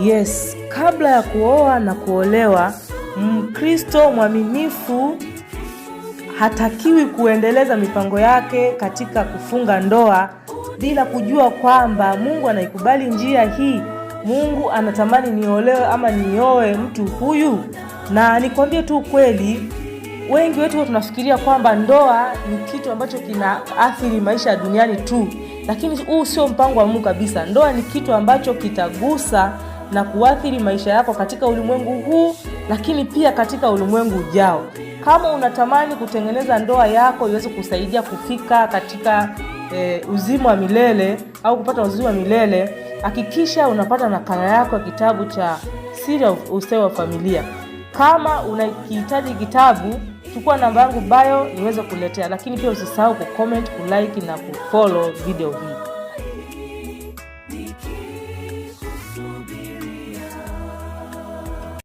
Yes, kabla ya kuoa na kuolewa, Mkristo mwaminifu hatakiwi kuendeleza mipango yake katika kufunga ndoa bila kujua kwamba Mungu anaikubali njia hii. Mungu anatamani niolewe ama nioe mtu huyu. Na nikwambie tu ukweli, wengi wetu tunafikiria kwamba ndoa ni kitu ambacho kinaathiri maisha ya duniani tu, lakini huu sio mpango wa Mungu kabisa. Ndoa ni kitu ambacho kitagusa na kuathiri maisha yako katika ulimwengu huu, lakini pia katika ulimwengu ujao. Kama unatamani kutengeneza ndoa yako iweze kusaidia kufika katika e, uzima wa milele au kupata uzima wa milele, hakikisha unapata nakala yako ya kitabu cha Siri ya Ustawi wa Familia. Kama unakihitaji kitabu, chukua namba yangu bio niweze kuletea, lakini pia usisahau kucomment, kulike na kufollow video hii.